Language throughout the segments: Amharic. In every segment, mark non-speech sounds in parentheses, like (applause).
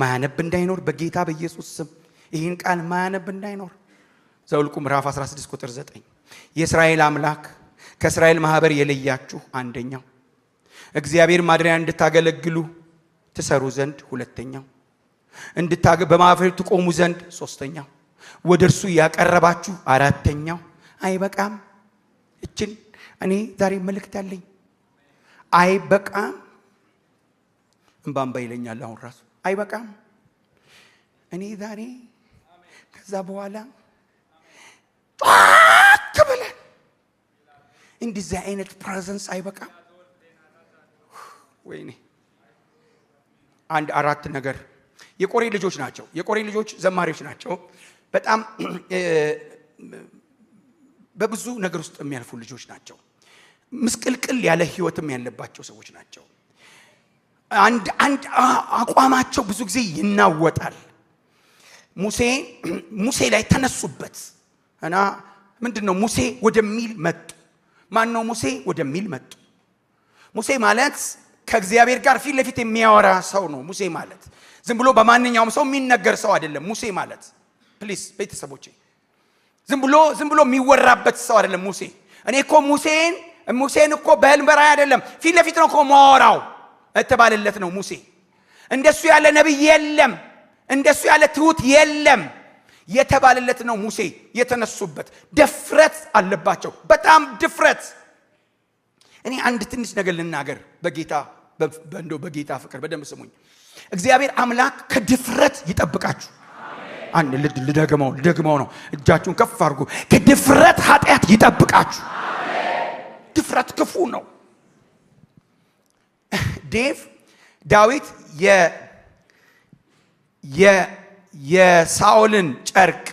ማያነብ እንዳይኖር በጌታ በኢየሱስ ስም ይህን ቃል ማያነብ እንዳይኖር ዘውልቁ ምዕራፍ 16 ቁጥር 9 የእስራኤል አምላክ ከእስራኤል ማህበር የለያችሁ አንደኛው እግዚአብሔር ማድሪያ እንድታገለግሉ ትሰሩ ዘንድ ሁለተኛው በማህበር ትቆሙ ዘንድ ሶስተኛው ወደ እርሱ ያቀረባችሁ አራተኛው አይበቃም እችን እኔ ዛሬ መልእክት ያለኝ አይበቃም እንባንባ ይለኛል አሁን ራሱ አይበቃም። እኔ ዛሬ ከዛ በኋላ ጣክ ብለ እንደዚህ አይነት ፕሬዘንስ አይበቃም። ወይኔ አንድ አራት ነገር የቆሬ ልጆች ናቸው። የቆሬ ልጆች ዘማሪዎች ናቸው። በጣም (clears throat) በብዙ ነገር ውስጥ የሚያልፉ ልጆች ናቸው። ምስቅልቅል ያለ ህይወትም ያለባቸው ሰዎች ናቸው። አንድ አቋማቸው ብዙ ጊዜ ይናወጣል። ሙሴ (clears throat) ሙሴ ላይ ተነሱበት እና ምንድን ነው ሙሴ ወደሚል መጡ። ማን ነው ሙሴ ወደሚል መጡ። ሙሴ ማለት ከእግዚአብሔር ጋር ፊት ለፊት የሚያወራ ሰው ነው። ሙሴ ማለት ዝም ብሎ በማንኛውም ሰው የሚነገር ሰው አይደለም። ሙሴ ማለት ፕሊስ ቤተሰቦቼ፣ ዝም ብሎ ዝም ብሎ የሚወራበት ሰው አይደለም። ሙሴ እኔ እኮ ሙሴን ሙሴን እኮ በህልም በራእይ አይደለም ፊት ለፊት ነው እኮ ማወራው እተባለለት ነው ሙሴ። እንደሱ ያለ ነቢይ የለም፣ እንደሱ ያለ ትሁት የለም የተባለለት ነው ሙሴ። የተነሱበት ድፍረት አለባቸው፣ በጣም ድፍረት። እኔ አንድ ትንሽ ነገር ልናገር በጌታ እንደው በጌታ ፍቅር በደንብ ስሙኝ። እግዚአብሔር አምላክ ከድፍረት ይጠብቃችሁ። አንድ ልደግመው ልደግመው ነው። እጃችሁን ከፍ አድርጉ። ከድፍረት ኃጢአት ይጠብቃችሁ። ድፍረት ክፉ ነው። ዴቭ ዳዊት የሳኦልን ጨርቅ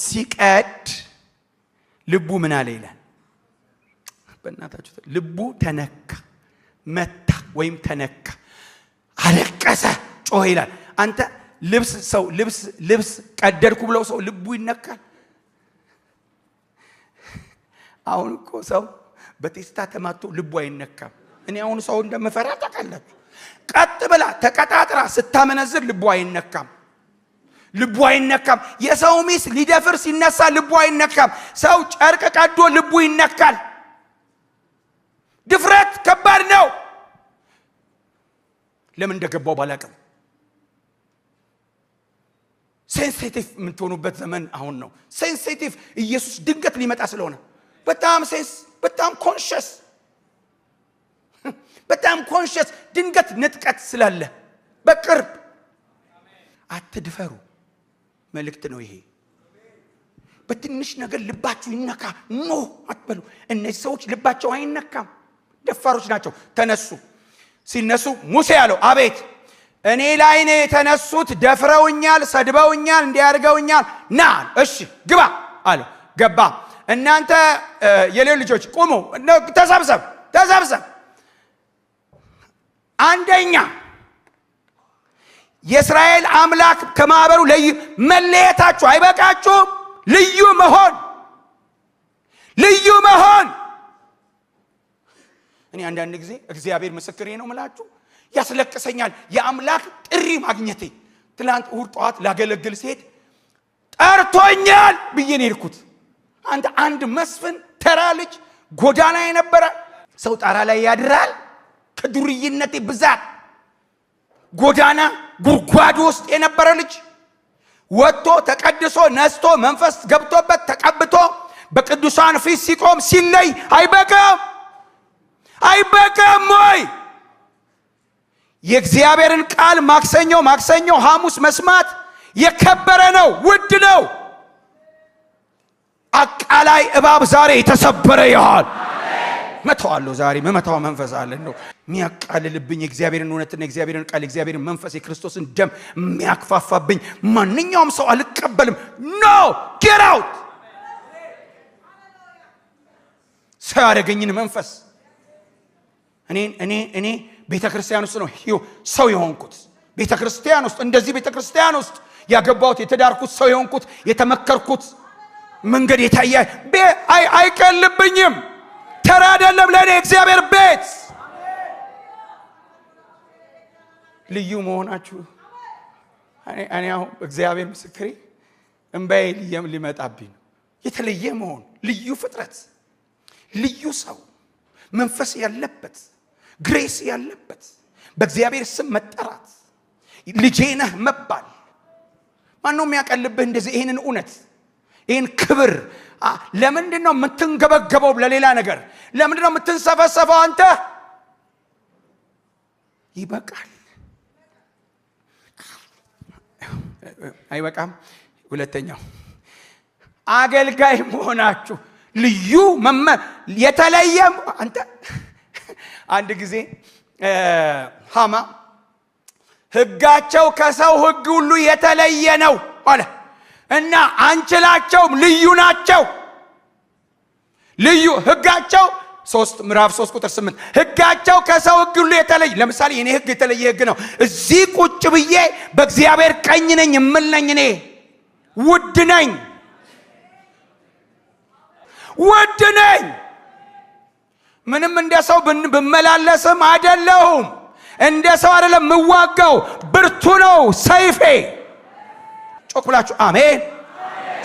ሲቀድ ልቡ ምን አለ ይላል። በእናታችሁ ልቡ ተነካ፣ መታ ወይም ተነካ፣ አለቀሰ፣ ጮኸ ይላል። አንተ ልብስ ሰው ልብስ ልብስ ቀደድኩ ብለው ሰው ልቡ ይነካል። አሁን እኮ ሰው በቴስታ ተማቶ ልቡ አይነካም። እኔ አሁን ሰው እንደምፈራ ታውቃላችሁ። ቀጥ ብላ ተቀጣጥራ ስታመነዝር ልቡ አይነካም። ልቡ አይነካም። የሰው ሚስ ሊደፍር ሲነሳ ልቡ አይነካም። ሰው ጨርቅ ቀዶ ልቡ ይነካል። ድፍረት ከባድ ነው። ለምን እንደገባው ባላቅም ሴንሲቲቭ የምትሆኑበት ዘመን አሁን ነው። ሴንሲቲቭ ኢየሱስ ድንገት ሊመጣ ስለሆነ በጣም ሴንስ በጣም ኮንሽስ በጣም ኮንሽስ ድንገት ንጥቀት ስላለ በቅርብ አትድፈሩ። መልእክት ነው ይሄ። በትንሽ ነገር ልባችሁ ይነካ ኖ አትበሉ። እነዚህ ሰዎች ልባቸው አይነካም፣ ደፋሮች ናቸው። ተነሱ። ሲነሱ ሙሴ አለው አቤት እኔ ላይ ነው የተነሱት። ደፍረውኛል፣ ሰድበውኛል፣ እንዲያርገውኛል። ና እሺ ግባ አለው። ገባ። እናንተ የሌው ልጆች ቁሙ፣ ተሰብሰብ ተሰብሰብ አንደኛ የእስራኤል አምላክ ከማህበሩ ለዩ መለየታችሁ አይበቃችሁም? ልዩ መሆን ልዩ መሆን። እኔ አንዳንድ ጊዜ እግዚአብሔር ምስክሬ ነው ምላችሁ ያስለቅሰኛል። የአምላክ ጥሪ ማግኘቴ ትላንት እሁድ ጠዋት ላገለግል ሴት ጠርቶኛል ብዬ ሄድኩት የሄድኩት። አንተ አንድ መስፍን ተራ ልጅ ጎዳና የነበረ ሰው ጣራ ላይ ያድራል ከዱርይነቴ ብዛት ጎዳና ጉድጓድ ውስጥ የነበረ ልጅ ወጥቶ ተቀድሶ ነስቶ መንፈስ ገብቶበት ተቀብቶ በቅዱሳን ፊት ሲቆም ሲለይ አይበቃም አይበቃም ወይ የእግዚአብሔርን ቃል ማክሰኞ ማክሰኞ ሐሙስ መስማት የከበረ ነው ውድ ነው አቃላይ እባብ ዛሬ የተሰበረ ይሆን መተዋለሁ። ዛሬ መመታው መንፈስ አለ ነው የሚያቃልልብኝ እግዚአብሔርን እውነትና እግዚአብሔርን ቃል እግዚአብሔርን መንፈስ የክርስቶስን ደም የሚያክፋፋብኝ ማንኛውም ሰው አልቀበልም። ኖ ጌት አውት ሰው ያደረገኝን መንፈስ እኔ እኔ እኔ ቤተ ክርስቲያን ውስጥ ነው ሰው የሆንኩት። ቤተ ክርስቲያን ውስጥ እንደዚህ ቤተ ክርስቲያን ውስጥ ያገባሁት የተዳርኩት ሰው የሆንኩት የተመከርኩት መንገድ የታያ አይቀልብኝም። ሸራ አይደለም ለእኔ እግዚአብሔር ቤት ልዩ መሆናችሁ እኔ አሁን እግዚአብሔር ምስክሬ እምባዬ ልየም ሊመጣብኝ የተለየ መሆን ልዩ ፍጥረት፣ ልዩ ሰው፣ መንፈስ ያለበት ግሬስ ያለበት በእግዚአብሔር ስም መጠራት ልጄነህ መባል ማነው የሚያቀልብህ እንደዚህ ይህንን እውነት ይህን ክብር ለምንድን ነው የምትንገበገበው ለሌላ ነገር ለምንድን ነው የምትንሰፈሰፈው አንተ ይበቃል አይበቃም ሁለተኛው አገልጋይ መሆናችሁ ልዩ መመ የተለየ አንተ (laughs) አንድ ጊዜ ሃማ ህጋቸው ከሰው ህግ ሁሉ የተለየ ነው አለ እና አንችላቸውም። ልዩ ናቸው። ልዩ ህጋቸው ሶስት ምዕራፍ ሶስት ቁጥር ስምንት ህጋቸው ከሰው ህግ ሁሉ የተለይ ለምሳሌ እኔ ህግ የተለየ ህግ ነው። እዚህ ቁጭ ብዬ በእግዚአብሔር ቀኝ ነኝ የምል ነኝ። እኔ ውድ ነኝ፣ ውድ ነኝ። ምንም እንደ ሰው ብመላለስም አይደለሁም። እንደ ሰው አይደለም የምዋጋው፣ ብርቱ ነው ሰይፌ ጮክ ብላችሁ አሜን።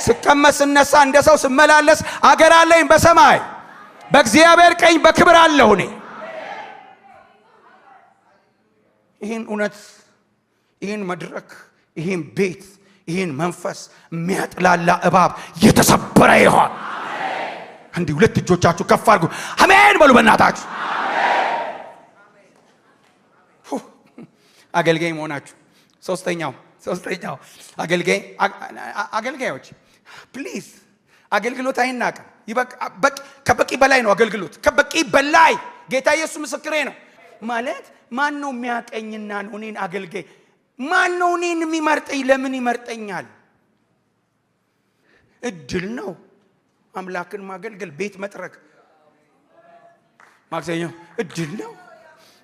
ስቀመጥ ስነሳ፣ እንደ ሰው ስመላለስ አገር አለኝ በሰማይ በእግዚአብሔር ቀኝ በክብር አለሁ እኔ። ይህን እውነት ይህን መድረክ ይህን ቤት ይህን መንፈስ የሚያጥላላ እባብ የተሰበረ ይሆን። እንዲህ ሁለት እጆቻችሁ ከፍ አድርጉ፣ አሜን በሉ በእናታችሁ። አገልጋይ መሆናችሁ ሶስተኛው ሶስተኛው አገልጋይ አገልጋዮች ፕሊዝ አገልግሎት አይናቅም። ከበቂ በላይ ነው አገልግሎት፣ ከበቂ በላይ ጌታ ኢየሱስ ምስክሬ ነው። ማለት ማን ነው የሚያቀኝና ነው እኔን አገልጋይ? ማን ነው እኔን የሚመርጠኝ? ለምን ይመርጠኛል? እድል ነው አምላክን ማገልገል፣ ቤት መጥረግ ማክሰኞ እድል ነው።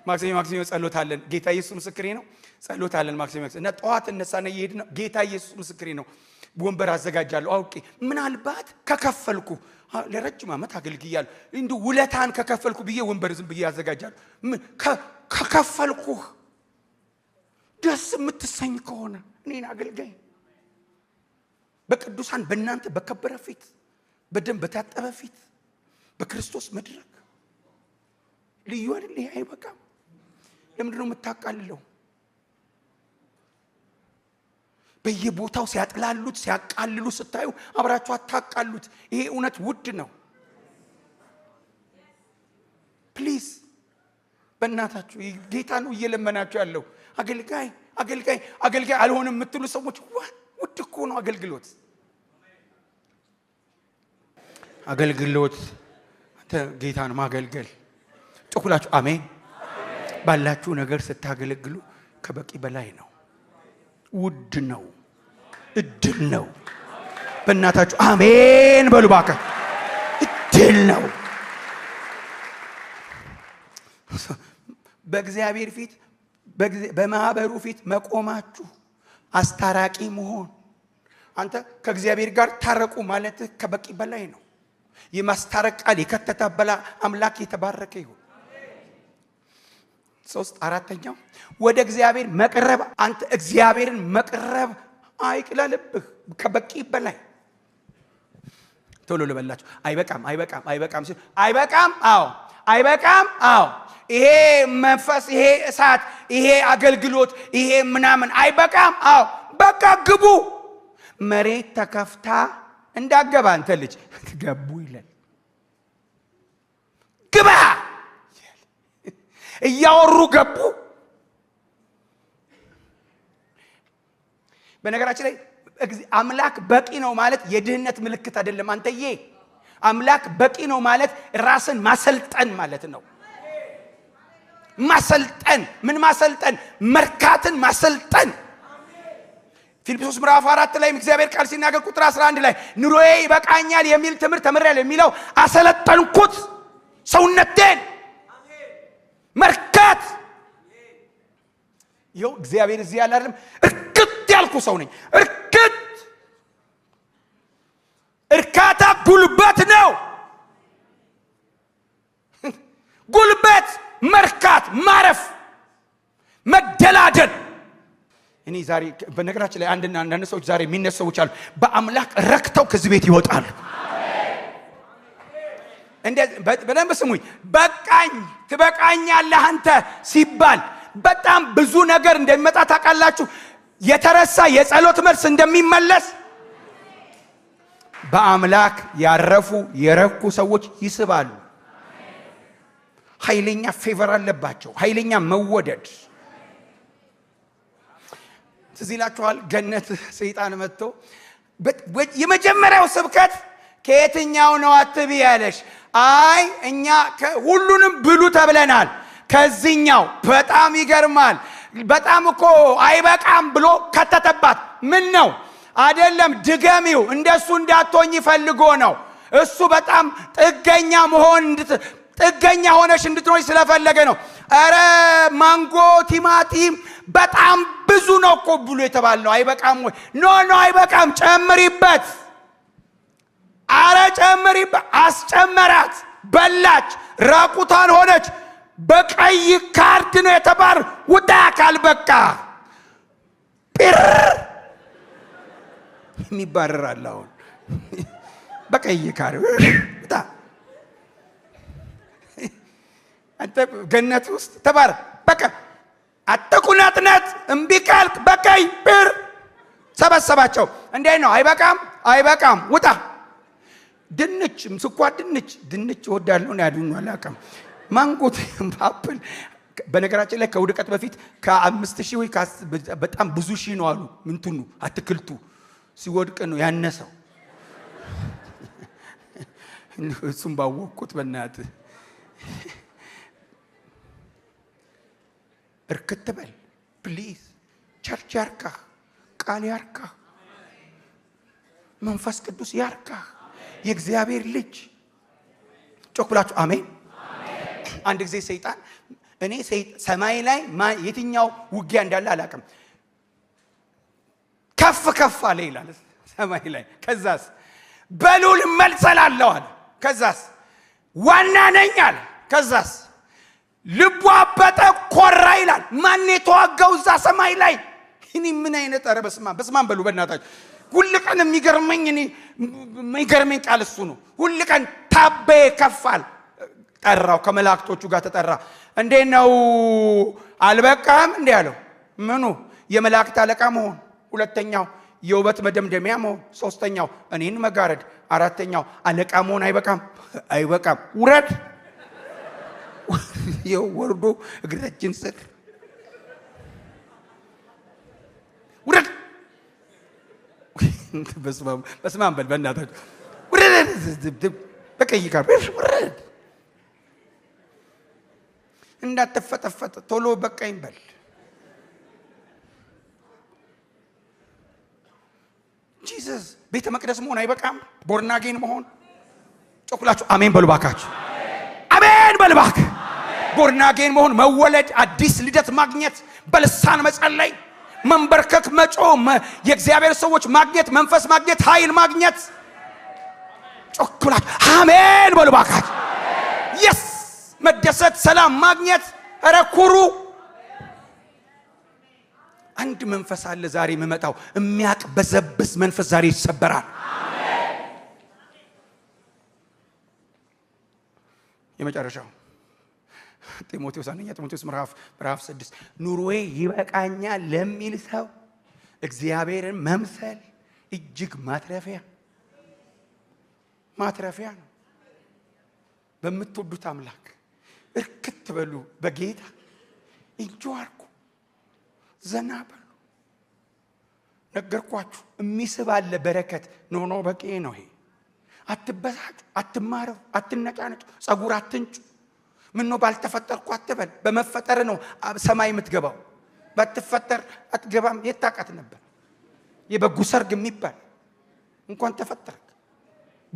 ማክሰኞ ማክሰኞ ጸሎታለን። ጌታ ኢየሱስ ምስክሬ ነው። ጸሎታለን ማክሰኞ ማክሰኞ እና ጠዋት እነሳና ነው። ጌታ ኢየሱስ ምስክሬ ነው። ወንበር አዘጋጃለሁ አውቄ ምናልባት ከከፈልኩ ለረጅም ዓመት አገልግያለሁ። እንዲሁ ውለታን ከከፈልኩ ብዬ ወንበር ዝም ብዬ አዘጋጃለሁ። ከከፈልኩህ ደስ የምትሰኝ ከሆነ እኔን አገልጋይ በቅዱሳን በእናንተ በከበረ ፊት በደም በታጠበ ፊት በክርስቶስ መድረክ ልዩ አይደል? ይሄ አይበቃም። ለምንድን ነው የምታቃልለው? በየቦታው ሲያጥላሉት ሲያቃልሉ ስታዩ አብራችሁ አታቃሉት። ይሄ እውነት ውድ ነው። ፕሊዝ በእናታችሁ ጌታ ነው እየለመናችሁ ያለው። አገልጋይ አገልጋይ አገልጋይ አልሆንም የምትሉ ሰዎች ውድ እኮ ነው አገልግሎት አገልግሎት ጌታን ማገልገል ጥኩላችሁ አሜን ባላችሁ ነገር ስታገለግሉ ከበቂ በላይ ነው። ውድ ነው። እድል ነው። በእናታችሁ አሜን በሉ ባከ እድል ነው። በእግዚአብሔር ፊት በማህበሩ ፊት መቆማችሁ አስታራቂ መሆን አንተ ከእግዚአብሔር ጋር ታረቁ ማለትህ ከበቂ በላይ ነው። የማስታረቅ ቃል የከተተ በላ አምላክ የተባረከ ይሁን። ሶስት አራተኛው ወደ እግዚአብሔር መቅረብ። አንተ እግዚአብሔርን መቅረብ አይቅለልብህ ከበቂ በላይ ቶሎ ልበላችሁ። አይበቃም አይበቃም አይበቃም ሲል አይበቃም። አዎ አይበቃም። አዎ ይሄ መንፈስ፣ ይሄ እሳት፣ ይሄ አገልግሎት፣ ይሄ ምናምን አይበቃም። አዎ በቃ ግቡ። መሬት ተከፍታ እንዳገባ አንተ ልጅ (laughs) ገቡ ይለን ግባ እያወሩ ገቡ። በነገራችን ላይ አምላክ በቂ ነው ማለት የድህነት ምልክት አይደለም። አንተዬ አምላክ በቂ ነው ማለት ራስን ማሰልጠን ማለት ነው። ማሰልጠን ምን ማሰልጠን? መርካትን ማሰልጠን። ፊልጵሶስ ምዕራፍ አራት ላይ እግዚአብሔር ቃል ሲናገር ቁጥር 11 ላይ ኑሮዬ ይበቃኛል የሚል ትምህርት ተምሬያለሁ የሚለው አሰለጠንኩት ሰውነቴን መርካት። ይኸው እግዚአብሔር እዚህ ያለ አይደለም። እርክት ያልኩ ሰው ነኝ። እርክት እርካታ ጉልበት ነው። ጉልበት መርካት፣ ማረፍ፣ መደላደል እኔ ዛሬ በነገራችን ላይ አንድና አንዳንድ ሰዎች ዛሬ የሚነሱ ሰዎች አሉ። በአምላክ ረክተው ከዚህ ቤት ይወጣሉ። በደንብ ስሙኝ። በቃኝ ትበቃኛለህ አንተ ሲባል በጣም ብዙ ነገር እንደሚመጣ ታውቃላችሁ። የተረሳ የጸሎት መልስ እንደሚመለስ በአምላክ ያረፉ የረኩ ሰዎች ይስባሉ። ኃይለኛ ፌቨር አለባቸው። ኃይለኛ መወደድ ትዚላችኋል ገነት ሰይጣን መጥቶ የመጀመሪያው ስብከት ከየትኛው ነው አትቢ ያለሽ? አይ እኛ ሁሉንም ብሉ ተብለናል። ከዚኛው በጣም ይገርማል። በጣም እኮ አይበቃም ብሎ ከተተባት። ምን ነው አይደለም፣ ድገሚው። እንደሱ እንዳትሆኝ ፈልጎ ነው። እሱ በጣም ጥገኛ መሆን ጥገኛ ሆነሽ እንድትኖች ስለፈለገ ነው። ረ ማንጎ፣ ቲማቲም በጣም ብዙ ነው እኮ ብሎ የተባል ነው። አይበቃም ወይ? ኖ ኖ፣ አይበቃም፣ ጨምሪበት አረ ጨምሪ አስጨመራት። በላች፣ ራቁቷን ሆነች። በቀይ ካርድ ነው የተባር ውዳ አካል በቃ ጲር የሚባረር አለ። አሁን በቀይ ካሪ አንተ ገነት ውስጥ ተባረ በቃ አትቁነጥነት እምቢ ካልክ በቀይ ጲር ሰበሰባቸው። እንዴ ነው አይበቃም፣ አይበቃም፣ ውጣ ድንች፣ ስኳ ድንች ድንች እወዳለሁ ነው ያሉኝ። አላውቅም። ማንጎ፣ (laughs) አፕል በነገራችን ላይ ከውድቀት በፊት ከአምስት ሺህ ወይ በጣም ብዙ ሺህ ነው አሉ። ምንትኑ አትክልቱ ሲወድቅ ነው ያነሰው። (laughs) እሱም ባወቅኩት በናት እርክት በል ፕሊዝ። ቸርች ያርካህ፣ ቃል ያርካህ፣ መንፈስ ቅዱስ ያርካህ። የእግዚአብሔር ልጅ ጮክ ብላችሁ አሜን። አንድ ጊዜ ሰይጣን እኔ ሰማይ ላይ የትኛው ውጊያ እንዳለ አላቅም ከፍ ከፍ አለ ይላል ሰማይ ላይ። ከዛስ በሉል መልሰላለሁ አለ። ከዛስ ዋና ነኛል ከዛስ ልቡ አበጠ ኮራ ይላል። ማን የተዋጋው እዛ ሰማይ ላይ? እኔ ምን አይነት ረ በስመ በስማን በሉ በእናታች ሁል የሚገርመኝ እኔ የሚገርመኝ ቃል እሱ ነው። ሁል ቀን ታበየ ከፋል ጠራው፣ ከመላእክቶቹ ጋር ተጠራ። እንዴ ነው አልበቃም? እንዲ ያለው ምኑ የመላእክት አለቃ መሆን፣ ሁለተኛው የውበት መደምደሚያ መሆን፣ ሶስተኛው እኔን መጋረድ፣ አራተኛው አለቃ መሆን። አይበቃም፣ አይበቃም፣ ውረድ። (laughs) ይኸው ወርዶ እግራችን ስር ውረድ በስመ አብ በል በእናታችሁ በቀይ ካር ውረድ፣ እንዳትፈጠፈጥ ቶሎ በቀኝ በል። ቤተ መቅደስ መሆን አይበቃም፣ ቦርናጌን መሆን ጮኩላችሁ አሜን በሉ አሜን ቦርናጌን መሆን መወለድ፣ አዲስ ልደት ማግኘት፣ በልሳን መጸለይ መንበርከክ፣ መጮም፣ የእግዚአብሔር ሰዎች ማግኘት፣ መንፈስ ማግኘት፣ ኃይል ማግኘት። ጮክ ብላችሁ አሜን በሉ እባካችሁ። የስ መደሰት፣ ሰላም ማግኘት። ረኩሩ አንድ መንፈስ አለ ዛሬ የምመጣው የሚያቅ በዘብስ መንፈስ ዛሬ ይሰበራል። የመጨረሻው ጢሞቴዎስ አንደኛ ጢሞቴዎስ ምዕራፍ ምዕራፍ ስድስት ኑሮዬ ይበቃኛ ለሚል ሰው እግዚአብሔርን መምሰል እጅግ ማትረፊያ ማትረፊያ ነው። በምትወዱት አምላክ እርክት በሉ፣ በጌታ እንጆ አርጉ፣ ዘና በሉ። ነገርኳችሁ፣ የሚስብ አለ በረከት ኖኖ በቂ ነው። ይሄ አትበሳጩ፣ አትማረው፣ አትነጫነጩ፣ ጸጉር አትንጩ። ምን ነው ባልተፈጠርኩ አትበል። በመፈጠር ነው ሰማይ የምትገባው። ባትፈጠር አትገባም። የታቃት ነበር የበጉ ሰርግ የሚባል እንኳን ተፈጠርክ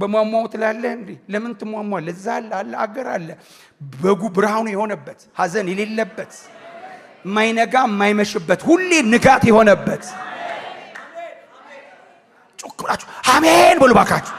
በሟሟው ትላለህ እንዲ ለምን ትሟሟለህ? እዛ አለ አለ አገር አለ በጉ ብርሃኑ የሆነበት ሀዘን የሌለበት ማይነጋ የማይመሽበት ሁሌ ንጋት የሆነበት ጮክ ብላችሁ አሜን በሉ ባካችሁ።